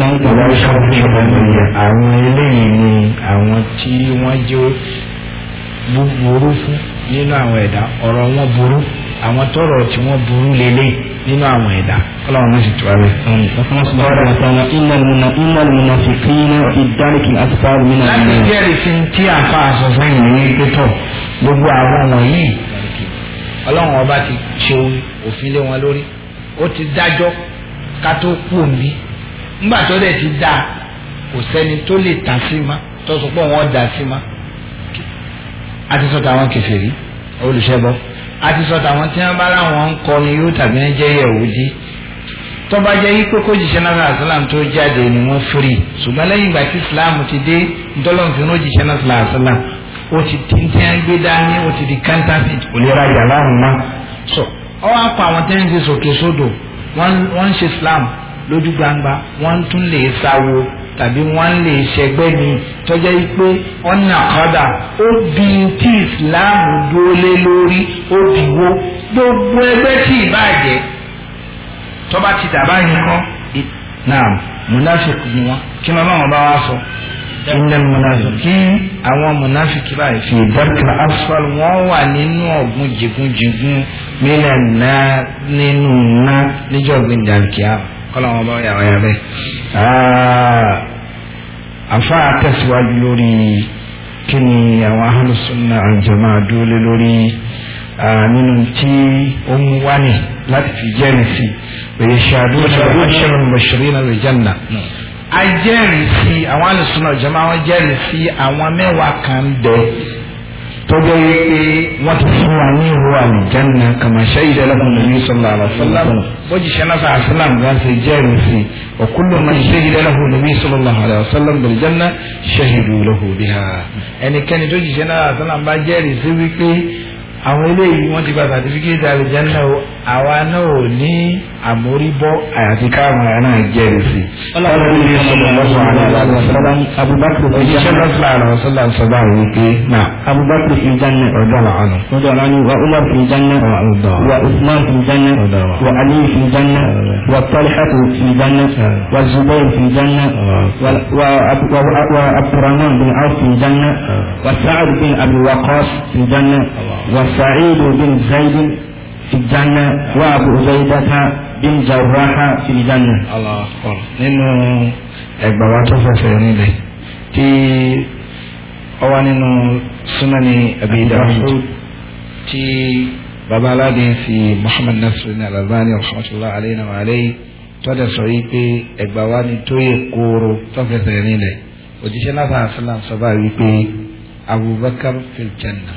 láìpẹ́ wá ṣàkóso àwọn eléyìí ni àwọn tí wọ́n jẹ́ búburú fún nínú àwọn ẹ̀dá ọ̀rọ̀ wọn burú àwọn tọrọ tí wọ́n burú lélẹ̀ nínú àwọn ẹ̀dá ọlọ́run ló sì tù ààrẹ. ọ̀sán ọ̀sán ọ̀rọ̀ ọ̀sán ìmọ̀lùmọ̀ ìmọ̀lùmọ̀ fi kí iná fi dáríkì asfaw nínú àwọn. láti jẹ́rìí sí tí àfa àsọ̀sán yìí ní pétọ̀ gbogbo àwọn wọ̀nyí ọlọ́run ọba ti ṣe òfin lé wọn lórí ó ti dájọ́ ká tó kú òǹbí ńgbà tó dẹ̀ ti dáa kò sẹ́ni tó lè tà sí ma tó sọ pé wọ́n dà sí ma a ti sọ tàwọn kèfèrí olùṣẹ́bọ a ti sọ tàwọn tí wọ́n bá láwọn ń kọrin yóò tàbí ń jẹ́ Yẹhudi tó bá jẹ́ wípé kó jíṣẹ́ náà àṣàlám tó jáde ni wọ́n firi ṣùgbọ́n lẹ́yìn ìgbà tí islam ti dé ntọ́lọ́mùfin ló jíṣẹ́ náà àṣàlám ó ti tìǹtì á ń gbé dání ó ti di counterfeit so ọ wá pa àwọn tẹ́ǹtì sókè sódò wọ́n ń ṣe islam lójú gbangba wọ́n tún lè sáwo tàbí wọ́n lè ṣẹgbẹ́ mi tọ́jẹ́ pé ọ̀nà kọ́dà ó bí tí Islam dúró lé lórí ó bí wó gbogbo ẹgbẹ́ tí ìbàjẹ́ tọ́ba ti dàbá yín kọ́ naam munafiki ni wọn kí màmá wọn bá wá sọ ilẹ̀ munafiki àwọn munafiki báyìí fi dẹ́kun asfal wọn wà nínú ọ̀gbun jìgúnjìgún mílẹ̀ nínú náà níjọ́ gbẹ̀ndàkíyàwó kọ́lọ́wọ́n bá yà wọ́n yà bẹ́ẹ̀. Ah, àfa àtẹ̀síwájú lórí kí ni àwọn ahàlùsùnà àjọmọ́ àdúró lórí ah, nínú tí ó ń wá ní láti fi jẹ́rìí sí bẹ̀rẹ̀ ṣàdó ṣàdó ṣẹlẹ̀ mọ̀ṣẹ̀rẹ̀ náà lè jẹ́nà. a jẹ́rìí sí àwọn ahàlùsùnà àjọmọ́ àwọn jẹ́rìí sí àwọn mẹ́wàá kan bẹ́ẹ̀ tọjọ yìí pé wọn ti fún wa ní ìlú àlùjáná kàmá ṣáyidá lẹkùn nàbí sọlá àlàsọlá bọjì sẹlẹsà àṣàlám gáàsì jẹrìí sí ọkùnrin máa ṣáyidá lẹkùn nàbí sọlá àlàsọlá bẹlẹjáná ṣáyidu lẹkùn bíhá ẹnikẹ́ni tó jìṣẹ́ náà àṣàlám bá jẹrìí sí wípé àwọn eléyìí wọ́n ti gba sàtífíkẹ́tì àlùjánnà o àwa náà ò ní àmóríbọ́ àyàfi káwọn ará náà jẹ́rìí sí. ọlọ́run ní ìṣẹ̀lẹ̀ lọ́sọ̀ àlọ́sọ̀lọ́m abubakar ìṣẹ́ lọ́sọ̀ àlọ́sọ̀lọ́m sọ́dọ̀ àwọn ìpè náà. abubakar fi jannah ọ̀dọ́ wa ọ̀nà. ọ̀dọ́ wa ni wa umar fi jannah ọ̀dọ́ wa usman fi jannah ọ̀dọ́ wa ali fi jannah wa talha fi jannah wa zubair fi jannah wa abdurrahman bin awf fi jannah wa sa'ad bin abi waqas fi jannah wa سعيد بن زيد في الجنة وأبو عبيدة بن جراح في الجنة الله أكبر nínú ẹgbà wa tó fẹsẹ̀ nílẹ̀ tí ó wà nínú súnáni Abi Dawud tí baba aládé fi Muhammad Nasruddin Al-Albani rahmatullahi alayhi wa alayhi tọ́jà sọ yìí pé ẹgbà wa ni tó yẹ kóró tó fẹsẹ̀ nílẹ̀ òjíṣẹ́ náà sàn sílám sọ báyìí pé Abubakar fil janna.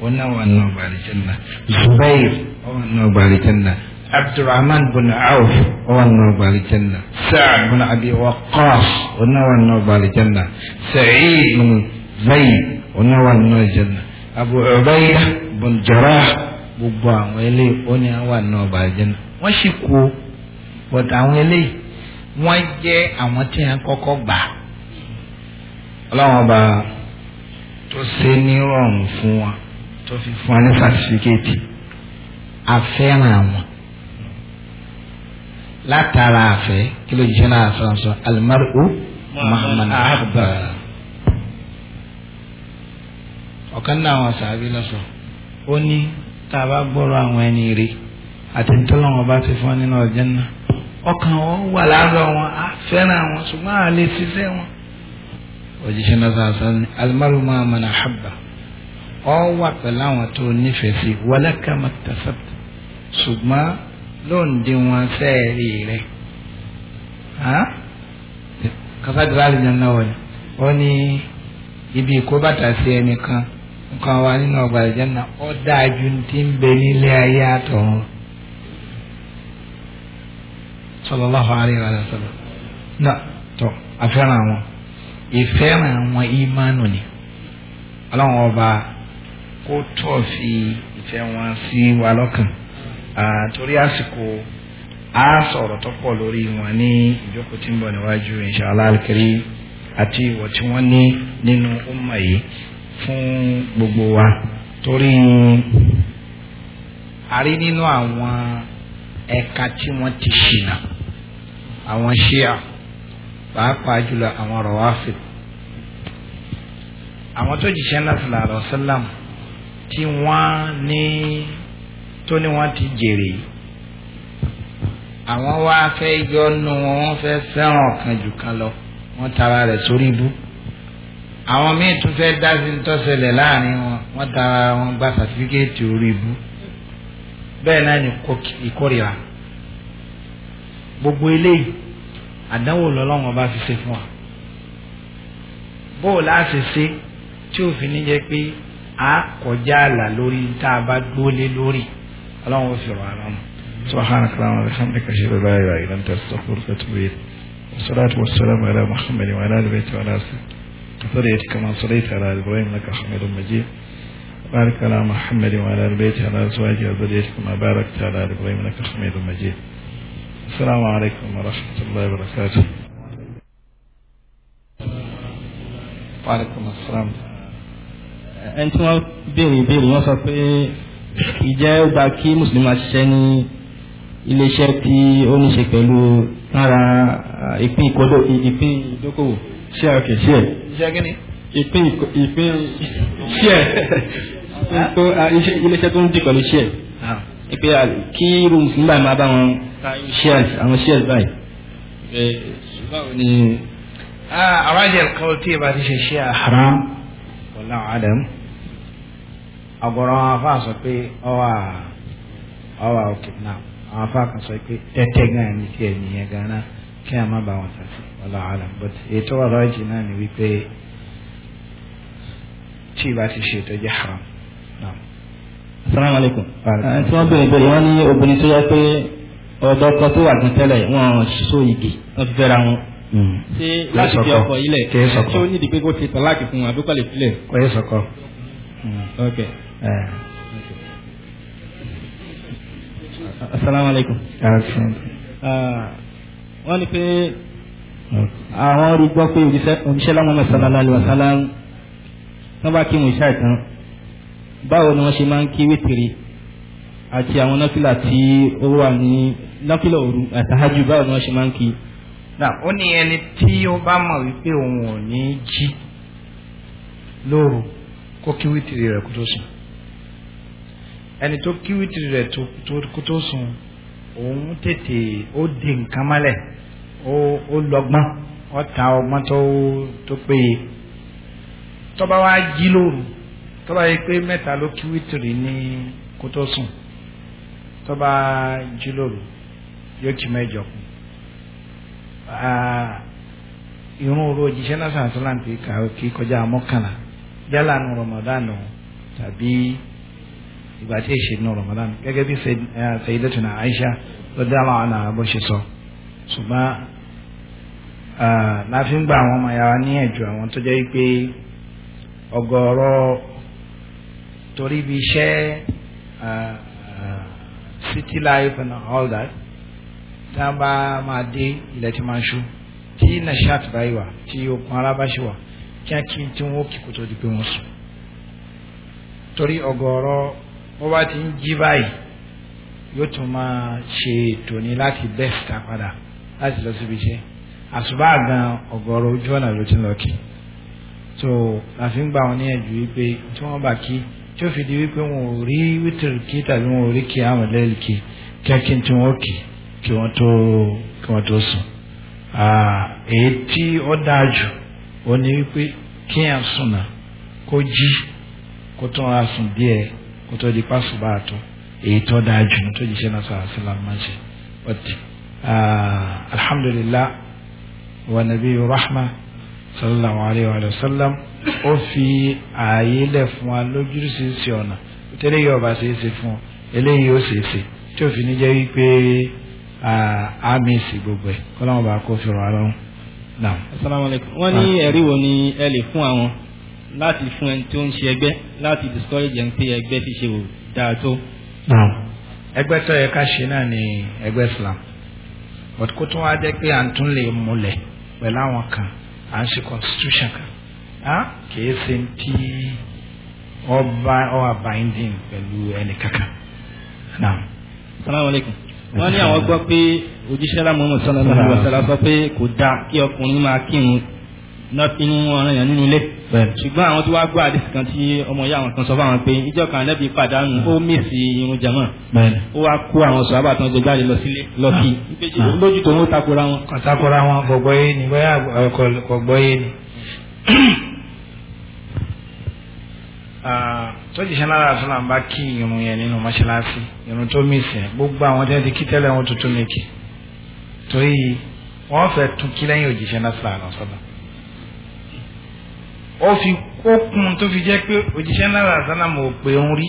wannan wannan ba aljanna zubair wannan ba aljanna abdurrahman bin auf wannan ba aljanna sa'ad bin abi waqqas wannan wannan ba aljanna sa'id bin zaid wannan wannan aljanna abu ubaida bin jarrah gbogbo àwọn eléyìí ó ní àwọn náà ba aljanna wọ́n sì kú but àwọn eléyìí wọ́n jẹ́ àwọn tí wọ́n kọ́kọ́ gbà ọlọ́wọ́n bá tó ṣe ní rọrùn fún wọn tó fi fún wa ní sátífíkẹ́ẹ̀tì àfẹ́ràn àwọn látara àfẹ́ kí ló jẹ́ náà fẹ́ràn sọ alimaru muhammadu abba ọ̀kan náà àwọn sàbí lọ́sọ̀ ó ní tá a bá gbọ́rọ̀ àwọn ẹni rí àti ntọ́lọ́wọ́n bá ti fún nínú ọ̀jẹ́ náà ọkàn wọn wà lára wọn àfẹ́ràn wọn ṣùgbọ́n àlè ṣiṣẹ́ wọn òjíṣẹ́ náà sàṣà ni alimaru muhammadu abba ọ wà pẹ̀lú àwọn tó nífẹ̀ẹ́ sí wọlẹ́kà mọ̀tẹ́sẹ̀t ṣùgbọ́n lóǹdí wọn sẹ́ẹ̀rì rẹ̀ kásádìrá àlùjá náà wọ̀nyí ó ní ibi ìkó bàtà sí ẹnìkan nǹkan wa nínú ọgbà àlùjá náà ó dáa ju ti ń bẹ nílé ayé àtọ̀run sallallahu alayhi wa sallam na àfẹ́ràn àwọn ìfẹ́ràn àwọn ìmánu ni ọlọ́run ọba kó tọ̀ fi ìfẹ́ wọn sí wa lọ́kàn torí àsìkò a sọ̀rọ̀ tó pọ̀ lórí wọn ní ìjókòó tí ń bọ̀ níwájú inshallah alikiri àti ìwọ̀ tí wọ́n ní nínú ọmọ yìí fún gbogbo wa torí a rí nínú àwọn ẹ̀ka tí wọ́n ti ṣìnà àwọn ṣíà pàápàá jùlọ àwọn rọ̀wáfì àwọn tó jìṣẹ́ náà sallallahu alaihi wasallam tí wọ́n ní tó ní wọ́n ti jèrè àwọn wá fẹ́ yọnu wọn wọ́n fẹ́ fẹ́ràn kan jù kan lọ wọ́n tara rẹ̀ sórí ibú àwọn míì tún fẹ́ dá sí tọ́sẹ̀lẹ̀ láàrin wọn wọ́n tara wọn gba sàtífíkẹ́ẹ̀tì orí ibú bẹ́ẹ̀ náà ni ìkórìíra gbogbo eléyìí àdánwò lọ́lọ́wọ́n bá fi ṣe fún wa bóòlù àṣìṣe tí òfin ní jẹ́ pé á kọjá àlà lórí tá a bá dúró lé lórí ọlọ́run ó fi rọ̀ àrùn. سبحانك اللهم وبحمدك اشهد ان لا اله الا انت استغفرك واتوب اليك والصلاه والسلام على محمد وعلى ال بيته وعلى ذريته كما صليت على ابراهيم انك حميد مجيد بارك على محمد وعلى ال بيته وعلى ازواجه وذريته كما باركت على ابراهيم انك حميد مجيد السلام عليكم ورحمه الله وبركاته وعليكم السلام ẹni tí wọ́n béèrè ìbéèrè wọ́n sọ pé ìjẹ́ ó gba kí mùsùlùmí máa ṣiṣẹ́ ní iléeṣẹ́ tí ó ní ṣe pẹ̀lú lára ìpín ìkódó ìpín ìdókòwò ṣé ọkẹ ṣé ẹ. ṣé kí ni. ìpín ìpín ṣé ẹ iléeṣẹ́ tó ń dì pẹ̀lú ṣé ẹ. Ah. ìpè kí irú mùsùlùmí báyìí máa bá wọn ṣé àwọn ṣé ẹ báyìí. Eh, báwo ni. Ah, àwọn àjẹ tí ìbá ti ṣe ṣe àhàrá wallahu alam ọ̀gọ̀rọ̀ àwọn afa sọ pé ọwà ọwà òkè náà àwọn afa kan sọ pé tẹ́tẹ́ gan ni tiẹ̀ nìyẹn gánà kí a má ba wọn sàṣẹ wallahu alam but ètò ọ̀rọ̀ ẹ̀jì náà ni wípé tí ìbá ti ṣe ètò jẹ́ haram náà. asalaamualeykum. tí wọ́n béèrè béèrè wọ́n ní obìnrin tó yẹ pé ọ̀dọ́ kan tó wà ní wọ́n so igi wọ́n fẹ́ra wọn. Hmm. ṣé láti fi ọkọ ilẹ̀ tí ó ní ìdí pé kó ṣe tọ́láàkì fún àbíkọ́ lè filẹ̀. kò yẹ sọkọ. Hmm. ok. Eh. asalaamualeykum. Ah, wọ́n ní pé àwọn rí gbọ́ pé òjíṣẹ́ lámọ́mọ́ sallallahu alaihi wasallam wọ́n bá kí wọn ìṣá ìtàn báwo ni wọ́n ṣe máa ń kí wítìrì àti àwọn nọ́fìlà tí ó wà ní nọ́fìlà òru àtàhájú báwo ni wọ́n ṣe máa ń kí náà ó ní ẹni tí ó bá mọ̀ wípé òun ò ní jí lóru kó kí wítìrì rẹ̀ kó tó sùn ẹni tó kí wítìrì rẹ̀ kó tó sùn òun tètè ó di nǹkan mọ́lẹ̀ ó lọ́gbọ́n ó ọgbọ́n tó péye tó wá jí lóru tó bá pé mẹ́ta ló kí ní kó tó sùn tó jí lóru yóò kí mẹ́jọ kù. Ah, irun oró òjíṣẹ́ náà sàn sọ́lá ti kà ó kí kọjá mọ́kànlá yálà nu Ramadan o tàbí ìgbà tí èsì nu Ramadan gẹ́gẹ́ bí eh, Sayyidatuna Aisha radiyallahu anha bó ṣe sọ ṣùgbọ́n ah, láfi gba àwọn ọmọ yàrá ní ẹ̀jọ̀ àwọn tó jẹ́ pé ọ̀gọ̀rọ̀ torí bí iṣẹ́ ah, city life and all that tá a bá máa dé ilẹ̀ tí máa ṣú tí nashat báyìí wà tí okun ara bá ṣe wà kíákí tí wọ́n kì kó tó di pé wọ́n sùn torí ọ̀gọ̀ọ̀rọ̀ wọ́n bá ti ń jí báyìí yóò tún máa ṣe ètò ní láti bẹ́ẹ̀sìtà padà láti lọ síbi iṣẹ́ àṣùbà gan ọ̀gọ̀ọ̀rọ̀ ojú ọ̀nà ló ti ń lọ kí so àfi ń gbà wọn níyànjú wípé tí wọ́n bá kí tí ó fi di wípé wọn ò rí wítìrì kí tàbí wọn ò rí kí àwọn lẹ́ẹ̀lì kí kíákí tí wọ́n kì í kí wọ́n tó kí wọ́n tó sùn èyí tí ó dáa jù ó ní wípé kí ẹ̀ sùn náà kó jí kó tó ra sùn díẹ̀ kó tó di pásù bá tó èyí tó dáa jù tó jíṣẹ́ náà sọ̀rọ̀ sílá máa ṣe ọtí alhamdulillah wa nabi rahma sallallahu alayhi wa sallam ó fi ààyè lẹ̀ fún wa lójúṣiríṣi ọ̀nà tẹ́lẹ̀ yóò bá ṣe é ṣe fún eléyìí ó ṣe é ṣe tí òfin ní jẹ́ wípé. á mísì gbogbo ẹ̀ kọ́láwọn bá kó fìrọ̀ ara wọn. naam. ní wo ni ẹ lè fún àwọn láti fún ẹni tó ń ṣe ẹgbẹ́ láti discourage ẹni pé ẹgbẹ́ ti ṣe wò dáa tó. ni ẹgbẹ́ Islam but kó tó wá jẹ́ pé à ń tún lè múlẹ̀ pẹ̀lú àwọn kan ṣe constitution kan kì í ṣe ti ọba ọba binding pẹ̀lú ẹnì kankan. wọ́n ní àwọn gbọ́ pé òjíṣẹ́ lámọ́ ọmọ sọ́lá lọ́wọ́ ìwọ̀sọ́lá sọ pé kò dáa kí ọkùnrin máa kírun náà inú ọ̀ràn yàn nínú ilé ṣùgbọ́n àwọn tó wá gbọ́ àdìsí kan tí ọmọ ìyá àwọn kan sọ fáwọn pé ìjọ kan lẹ́bi pàdánù ó mèsì irun jama ó wá kó àwọn sọ àbàtàn jọ jáde lọ sílé lọ kí ah. ah. lójú tó ń takora wọn. takora wọn kò yé ni bóyá kò gbọ́ yé ni tọ́jìṣẹ́ náírà tó náà bá kí irun yẹn nínú mọ́ṣáláṣí irun tó mìsìn gbogbo àwọn tí wọ́n ti kí tẹ́lẹ̀ wọn tuntun méjì torí wọ́n fẹ́ tún kí lẹ́yìn òjìṣẹ́ náà sọ̀rọ̀ àwọn sọ́dọ̀ ó fi ó kun tó fi jẹ́ pé òjìṣẹ́ náírà tó náà mọ̀ pé ń rí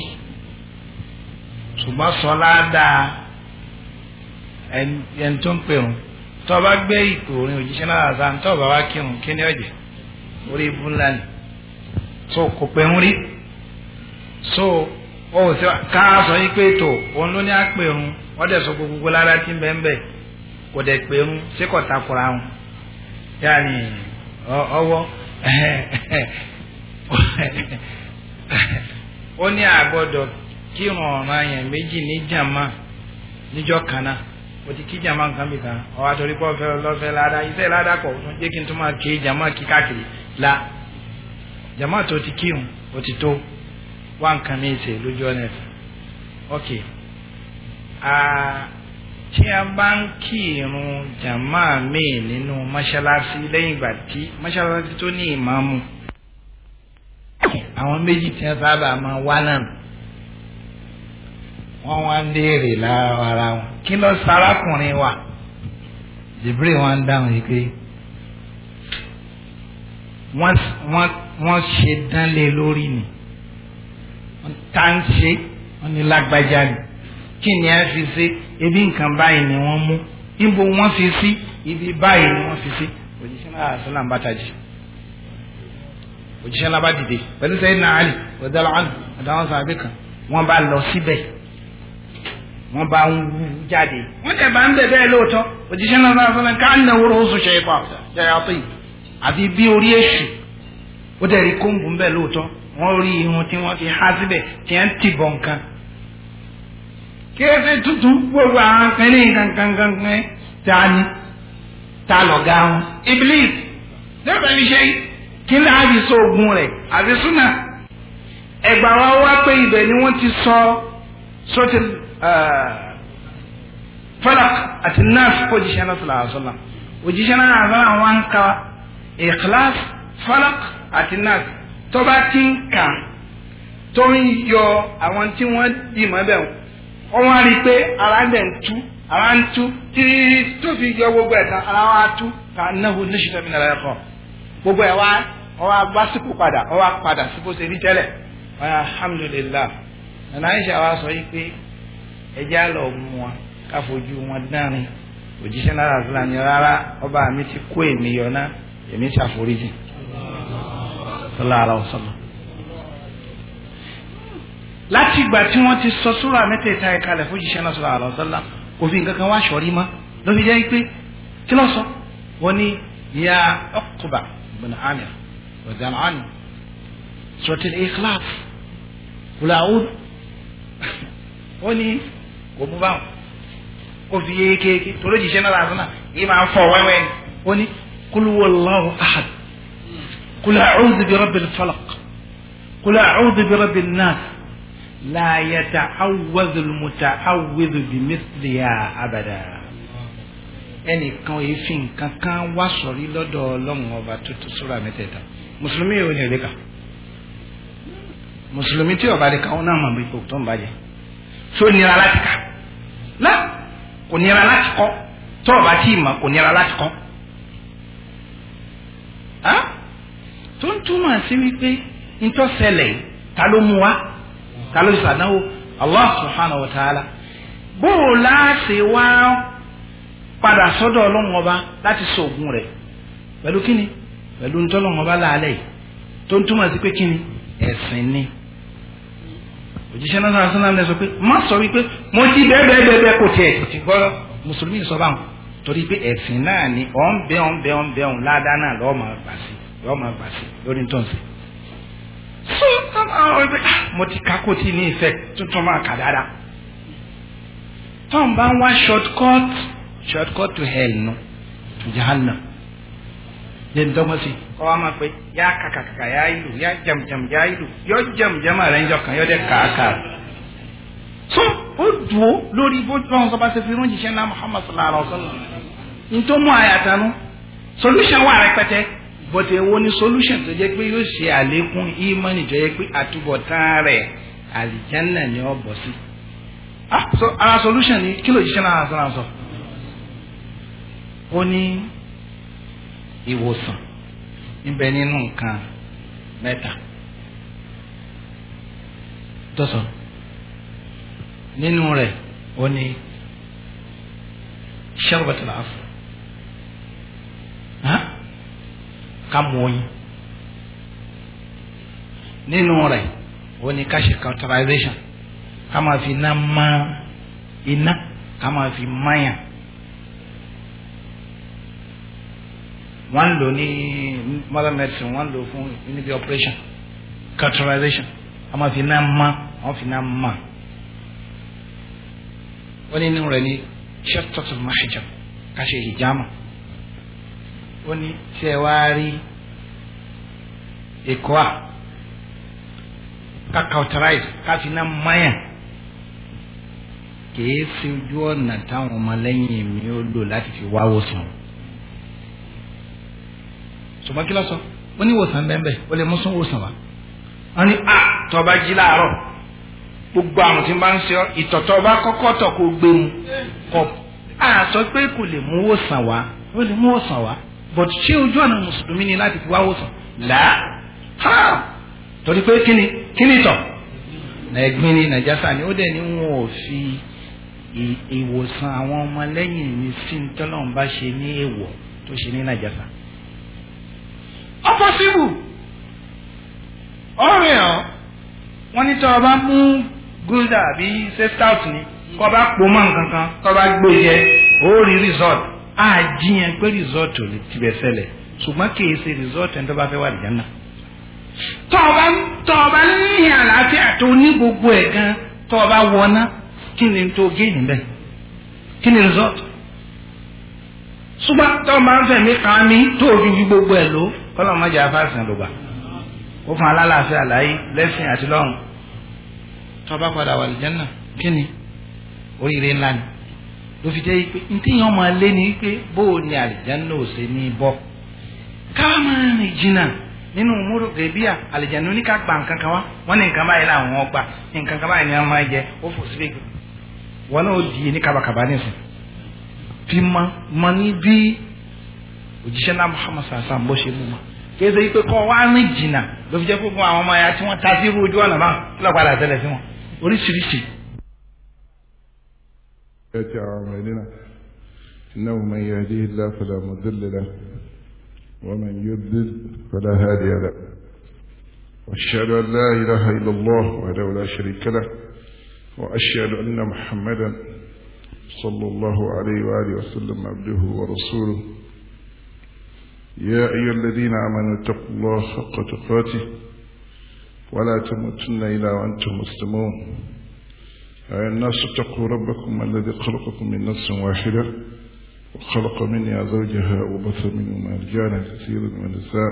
ṣùgbọ́n sọ ládàá ẹni tó ń pè ń tọ́ bá gbé ìpè orin òjìṣẹ́ náírà tó náà tọ́ bá wá kírun kí ni ọ̀jẹ̀ orí ibú ńlá ni tó kò pé ń rí. so ó sì ká sọ yín pé tò òun ló ní àpèrún wọ́n dẹ̀ sọ gbogbo lára tí ń ń bẹ̀ kò dẹ̀ sí wọn yáàni ọwọ́ ó ní àgbọ̀dọ̀ ọ̀ràn yẹn méjì ní jàmá níjọ́ ti kí jàmá nǹkan mi kan fẹ́ lọ́fẹ́ ládá iṣẹ́ ládá kọ̀ jẹ́ kí n máa kí jàmá la jàmá ti kírun wá nǹkan mi ṣe lójú ọ̀nà a bá ń kí irun jàmá míì nínú mọ́ṣáláṣí lẹ́yìn ìgbà tí mọ́ṣáláṣí tó ní ìmáàmù àwọn méjì tí wọ́n sábà máa wá náà wá ń léèrè lára wọn kí ló sarákùnrin wa jibril wọ́n ń dáhùn yìí pé wọ́n ṣe dánlé lórí ni tá ń ṣe wọ́n lágbájá ni kí ni a fi ṣe ebi nǹkan báyìí ni wọ́n mú níbo wọ́n fi sí ibi báyìí ni wọ́n fi sí òjíṣẹ́ náà àṣìlá ń bá tají òjíṣẹ́ náà bá dìde pẹ̀lú sẹ́yìn náà àlì ọ̀dàlá àdáwọn sàbẹ̀ kan wọ́n bá lọ síbẹ̀ wọ́n bá ń wú jáde wọ́n tẹ̀ bá ń bẹ̀ bẹ́ẹ̀ lóòótọ́ òjíṣẹ́ náà bá fọlọ́ ń náwó rọ́ọ̀sù ṣe pa ṣe é bí orí èṣù ó dẹ̀ rí kóńgù ń bẹ̀ lóòótọ́ wọ́n rí irun tí wọ́n fi há síbẹ̀ tí wọ́n ti bọ̀ nǹkan. kéèfé tuntun gbogbo àwọn akẹ́lẹ́ kankankankan ta ni ta lọ̀gá wọn iblis lẹ́bàá mi ṣe kí n láàbì sọ ogun rẹ̀ àbí súnà ẹgbà wa wá pé ibẹ̀ ni wọ́n ti sọ sọ́tì uh, falak àti nurse position náà sọ̀rọ̀ àṣọ náà òjíṣẹ́ náà àṣọ àwọn ń ka ikhlas falak àti nas tó bá ti ń kà tó ń yọ àwọn tí wọ́n dì mọ́ bẹ́ẹ̀ wọ́n rí i pé ara ń dẹ̀ ń tú ara ń tú títí tó fi yọ gbogbo ẹ̀ tán ara wa tú ká náwó ní ṣùgbọ́n mi nàrà ẹ̀ kọ́ gbogbo ẹ̀ wá ọwọ́ agbásíkò padà ọwọ́ padà sí bó ṣe rí tẹ́lẹ̀ ọ̀yà alhamdulillah nana aisha wa sọ yìí pé ẹjẹ́ àlọ́ mú wọn ká fojú wọn dánrin òjíṣẹ́ náírà fúlàní rárá ọba mi ti kó èmi yọ náà èmi ṣàforíjì sallallahu alaihi wasallam láti ìgbà tí wọ́n ti sọ súrà mẹ́tẹ̀ẹ̀ta ìkalẹ̀ fún jíṣẹ́ náà sallallahu alaihi wasallam òfin kankan wá ṣọ̀rí mọ́ ló fi jẹ́ pé kí ló sọ wọ́n ní ya Uqba bin Amir radiyallahu anhu suratul Ikhlas Qul a'udhu wọ́n ní kò mú báwọn ó fi yé kéèké torí jíṣẹ́ náà làásán yìí máa ń fọ wẹ́wẹ́ wọ́n ní Qul huwallahu ahad قل أعوذ برب الفلق قل أعوذ برب الناس لا يتعوذ المتعوذ بمثلها أبدا ẹnìkan èéfín nǹkan kan wá sọ̀rí lọ́dọ̀ ọlọ́run ọba tó tó sóra mẹ́tẹ̀ẹ̀ta mùsùlùmí ò ní ìlẹ́kà mùsùlùmí tí ọba lẹ́ka ọ̀nà àmọ̀ mi kò tó ń bàjẹ́ tó nira láti kà náà kò nira láti kọ́ tó ọba tí ì mọ̀ kò nira láti kọ́ túmọ̀ sí wípé ntọ́sẹlẹ̀ ta ló mú wa ta ló sànáwó Allah subhanahu wa ta'ala bó o láti wá padà sọ́dọ̀ ọlọ́run ọba láti sọ ògùn rẹ̀ pẹ̀lú kíni pẹ̀lú ntọ́lọ́run ọba yìí tó ń túmọ̀ sí pé kíni ẹ̀sìn ni òjíṣẹ́ náà sọ́nà sọ́nà sọ pé má sọ wípé mo ti bẹ́ẹ̀ bẹ́ẹ̀ bẹ́ẹ̀ kò tiẹ̀ ti gbọ́ mùsùlùmí sọ báwọn torí pé ẹ̀sìn náà ni ọ̀nbẹ́ọ̀nbẹ́ọ̀nbẹ́ọ̀n ládàá náà lọ́ọ́ máa gbà sí yọọ máa gbà sí lórí tó so àwọn ẹgbẹ́ ah, mo ti ka kó tí ní ìfẹ́ tuntun máa kà dáadáa. tọ́n bá ń wá short cut to hell nù jahanna yẹn ní dọ́gbọ́n sí kọ́ wa máa pé yá kàkàkà yá ìlú yá jàmjàm yá ìlú yọ jàmjàm rẹ̀ ń jọkàn yọ dé kàákàá. so ó dùn ó lórí bójú àwọn sọ́ba ṣe fi rún jíṣẹ́ náà Muhammad sallallahu alayhi wa sallam ntọ́ mú àyàtánu solution wà rẹpẹtẹ. but èwo ni solution tó jẹ́ pé yóò ṣe àlékún ìmọ̀nì tó atubo pé àtúbọ̀tán rẹ̀ àlìjánà ni ó bọ̀ sí. ah ara solution ni kí ló jíṣẹ́ náà sọ náà sọ. ó ní ìwòsàn níbẹ̀ nínú nǹkan mẹ́ta nínú rẹ̀ ó ní ká nínú rẹ̀ òun ni ká ṣe cauterization ká máa fi iná mọ iná ká máa fi máyàn wọ́n ń lò ní modern medicine wọ́n lò fún níbi operation cauterization a máa fi náà ma wọ́n fi náà ma wọ́n ní inú rẹ̀ ní shaftat al-mahjab hijama ó ní tí ẹ wá rí ẹ̀kọ́ à ká cauterize ká fi ná mayàn kìí ṣe ojú ọ̀nà táwọn ọmọlẹ́yìn mi ó lò láti fi wá wòsàn ṣùgbọ́n kí ló sọ ó ní wòsàn bẹ́ẹ̀ ó lè mú sún wòsàn wá wọ́n ní à ah, tó jí láàárọ̀ gbogbo àrùn tí n bá ń ṣe ọ́ ìtọ̀ bá kọ́kọ́ tọ̀ kó gbé mu kọ́ à sọ pé kò lè mú wòsàn wá ó lè mú wòsàn wá but ṣé ojú ọ̀nà mùsùlùmí ni láti fi wá wòsàn là á torí pé kíni kíni tọ̀ ẹ̀gbin ni nàìjásá ni ó dẹ̀ ní wọn ò fi ìwòsàn àwọn ọmọlẹ́yìn mi sí ní tọ́lọ́run bá ṣe ní èèwọ̀ tó ṣe ní nàìjásá. ọ̀pọ̀sibù ọ̀rẹ́ ọ̀ wọ́n ní tọ́ ọ bá mú gúldà àbí seftout ni kọ́ bá pò mọ́ nǹkan kan kọ́ bá gbé jẹ ó rí result A àjiyàn pé resort ò lè tibẹ̀ ṣẹlẹ̀ ṣùgbọ́n kìí ṣe resort ẹni tó bá fẹ́ wà lìyàn náà. tọ́ọ̀bá tọ́ọ̀bá ní àlàáfíà tó ní gbogbo ẹ̀ gan tọ́ọ̀bá wọná kí ni tó gé níbẹ̀ kí ni resort. ṣùgbọ́n tọ́ọ̀bá ń fẹ̀mí kan mi tó o fi fi gbogbo ẹ̀ lò kọ́lọ́ mọ́jà afáàsàn ló gbà ó fún alálàáfíà láyé lẹ́sìn àti lọ́run tọ́ọ̀bá padà wà lìyàn náà kí ni oríire ńlá ni. ló fi jẹ́ pé ntíyàn máa lé ní bụ bó o ní àlìjáná ò ṣe ní bọ́ ká máa rìn jìnnà nínú múrò gẹ̀bíà àlìjáná oníkà gba nǹkan kan wá wọ́n ní nǹkan báyìí làwọn gbà nǹkan kan báyìí ni wọ́n máa jẹ ó fò wọn náà di ní kabakaba nísìn fi ma ní bí òjíṣẹ́ náà Muhammad sàṣà ń bọ́ ṣe mú ma kéde kọ́ wá rìn jìnnà ló fi jẹ́ fún àwọn ọmọ سيئات أعمالنا إنه من يهديه الله فلا مضل له ومن يضل فلا هادي له وأشهد أن لا إله إلا الله وحده لا شريك له وأشهد أن محمدا صلى الله عليه وآله وسلم عبده ورسوله يا أيها الذين آمنوا اتقوا الله حق تقاته ولا تموتن إلا وأنتم مسلمون يا الناس اتقوا ربكم الذي خلقكم من نفس واحدة وخلق منها زوجها وبث منهما رجالا كثيرا ونساء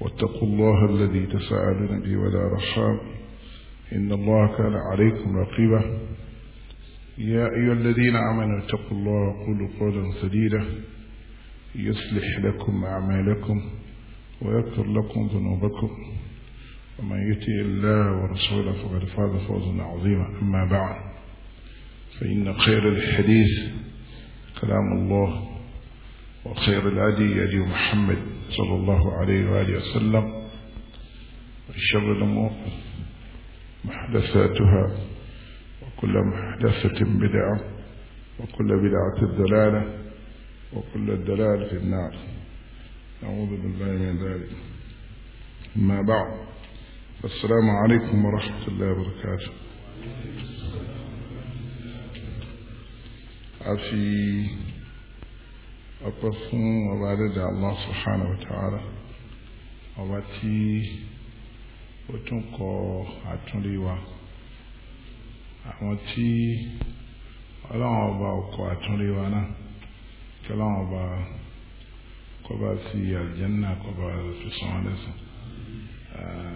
واتقوا الله الذي تساءلون به ولا رحام إن الله كان عليكم رقيبا يا أيها الذين آمنوا اتقوا الله وقولوا قولا سديدا يصلح لكم أعمالكم ويغفر لكم ذنوبكم ومن يطع الله ورسوله فقد فاز فوزا عظيما أما بعد فإن خير الحديث كلام الله وخير الهدي هدي محمد صلى الله عليه وآله وسلم وشر الأمور محدثاتها وكل محدثة بدعة وكل بدعة ضلالة وكل الدلال في النار نعوذ بالله من ذلك أما بعد السلام عليكم ورحمة الله وبركاته أفي أقفهم وبعد الله سبحانه وتعالى وباتي وتنقى àtúnrí wa àwọn tí ọlọ́run ọba ọkọ̀ àtúnrí wa náà kí ọlọ́run ọba kọba sí àlìjẹ́nà kọba fi san án lẹ́sàn-án.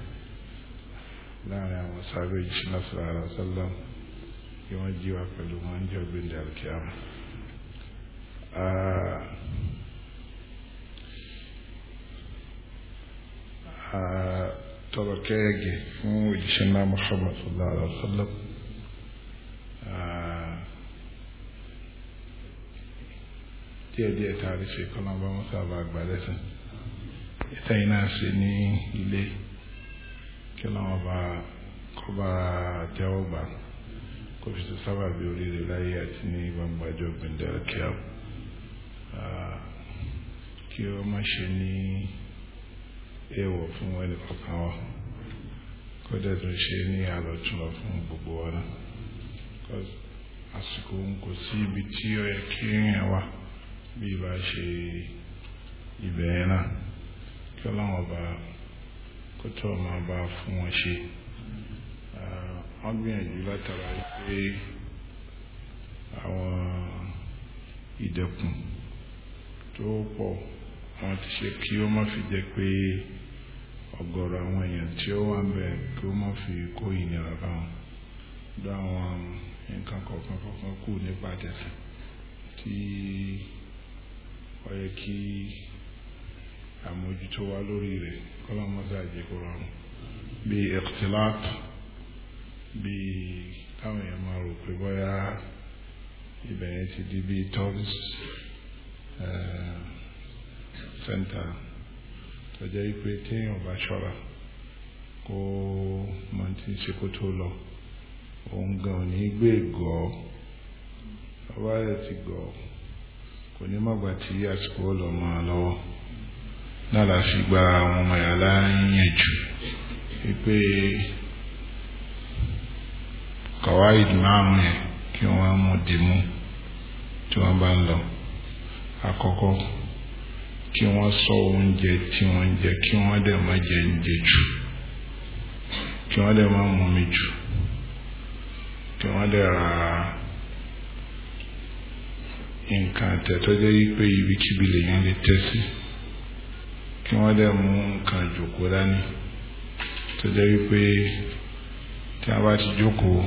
láàrin àwọn sáré ìṣúná sọ̀rọ̀ àrà sọ́lá kí wọ́n jí wa pẹ̀lú wọn ń jọ gbẹ̀ndẹ̀ àlùkìyàmù. tọrọ kẹ́ẹ̀gẹ̀ fún òjíṣẹ́ náà Muhammad sọ̀rọ̀ àrà sọ́lá. díẹ̀ díẹ̀ tá a lè ṣe kọ́nà bá wọn sábà gbà lẹ́sìn ìtẹ́yìn náà ṣe ní ilé. kí lọ́wọ́ bá kó bá tẹ́wọ́ gbà kó fi ṣe sábà bí oríire láyé àti ní gbangbajọ́ gbẹ̀ndẹ̀ kíá ah, kí ó má ṣe ní èèwọ̀ fún ẹnì kọ̀ọ̀kan wa kó dẹ̀ tún ṣe ní àlọ́túnlọ fún gbogbo wa náà àsìkò ń kò sí ibi tí ó yẹ kí èèyàn wà bí ìbá ṣe ibẹ̀ náà kí ọlọ́wọ́ bá kótó máa bá fún wọn ṣe wọ́n gbìyànjú látara pé àwọn ìdẹ̀kùn tó pọ̀ wọ́n ti ṣe kí ó má fi jẹ́ pé ọ̀gọ̀rọ̀ àwọn èèyàn tí ó wà bẹ́ẹ̀ kí ó má fi kó ìnira bá wọn lọ àwọn nǹkan kọ̀ọ̀kan kọ̀ọ̀kan kù nípa tẹ̀sán tí ó yẹ kí àmójútó wa lórí rẹ̀ kọ́lọ́mọ́sá jẹ́ kó rọrùn bíi ẹ̀kútìláàtù bíi táwọn èèyàn máa rò pé bóyá ibẹ̀ yẹn ti di bíi tọ́ms sẹ́ńtà tó jẹ́ pé téèyàn bá ṣọ́ra kó máa ti ń ṣe kó tó lọ òun gan ò ní gbé gọ́ ọ bá yẹ ti gọ́ kò ní má gbà tí àsìkò lọ máa lọ́wọ́ lára fi gba àwọn ọmọ yàrá yẹ̀jù wípé kọ̀wáì márùn yẹn kí wọ́n mú dìmú tí wọ́n bá ń lọ àkọ́kọ́ kí wọ́n sọ oúnjẹ tí wọ́n ń jẹ kí wọ́n dẹ̀ má jẹ oúnjẹ jù kí wọ́n dẹ̀ má mú mi jù kí wọ́n dẹ̀ ra nǹkan àtẹ̀tọ́jẹ́ yí pé ibikíbi lèèyàn lè tẹ́ sí tí wọ́n dẹ̀ mú nǹkan jòkó dání tó jẹ́ wípé tí a bá ti jókòó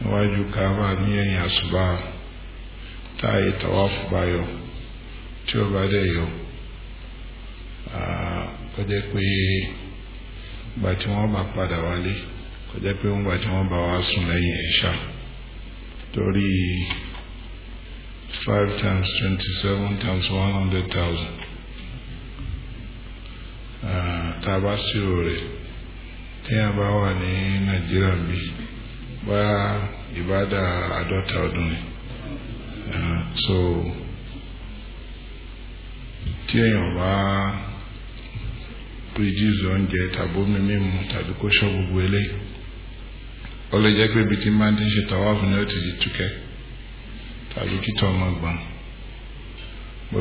níwájú kaaba ní ẹ̀yìn àṣùbà tá a yẹ tàwáfù bá yọ tí ó bá dẹ̀ yọ kó jẹ́ pé gbà tí wọ́n bá padà wálé kó jẹ́ pé wọ́n gbà tí wọ́n bá wá sùn lẹ́yìn ìṣà torí five times twenty seven times one hundred thousand tá a bá a bá wà ní nàìjíríà bí bá ìbádà àádọ́ta ọdún so tí èèyàn bá reduce oúnjẹ tàbí omi mímu tàbí kó ṣọ́ gbogbo eléyìí ó lè jẹ́ pé ibi tí máa ti ń ṣe tàwáàfù ni ó ti di túkẹ́ tàbí kítọ̀ ọmọ gbọ̀n bó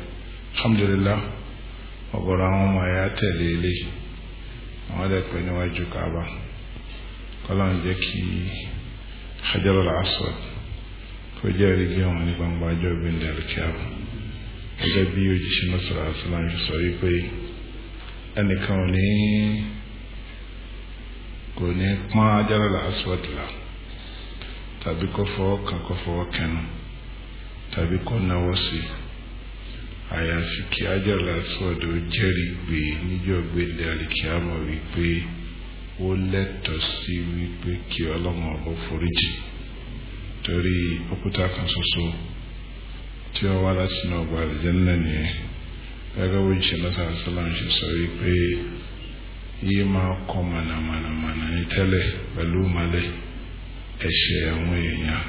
ló alhamdulillah ọ̀gọ̀rọ̀ àwọn ọmọ ẹ̀yà tẹ̀lé ilé àwọn ẹ̀dẹ̀pẹ̀ níwájú kaaba kọ́lọ́n jẹ́ kí hajar al-aswad kó jẹ́ ẹ̀rígí àwọn ní gbangba ọjọ́ ìbíndẹ̀ alkiaba gẹ́gẹ́ bí òjíṣẹ́ nasara asalam fi sọ wípé ẹnìkan ò ní kò ní pọ́n hajar al-aswad tàbí kó fọwọ́ kẹnu tàbí kó náwó sí i. àyàfi kí ajọ́lá sọ́dọ̀ jẹ́rìí pé níjọ́ gbẹ̀dẹ̀ àlìkíámọ̀ wípé ó lẹ́tọ̀ọ́ sí wípé kí ọlọ́mọ ọ̀bọ foríjì torí òkúta kan ṣoṣo tí wọ́n wá láti náà gba àlìjẹ́nà nìyẹn gẹ́gẹ́ bó ṣe lọ́sà sọ́làm ṣe sọ wípé yìí máa kọ́ ní tẹ́lẹ̀ pẹ̀lú ẹ̀ṣẹ̀ àwọn èèyàn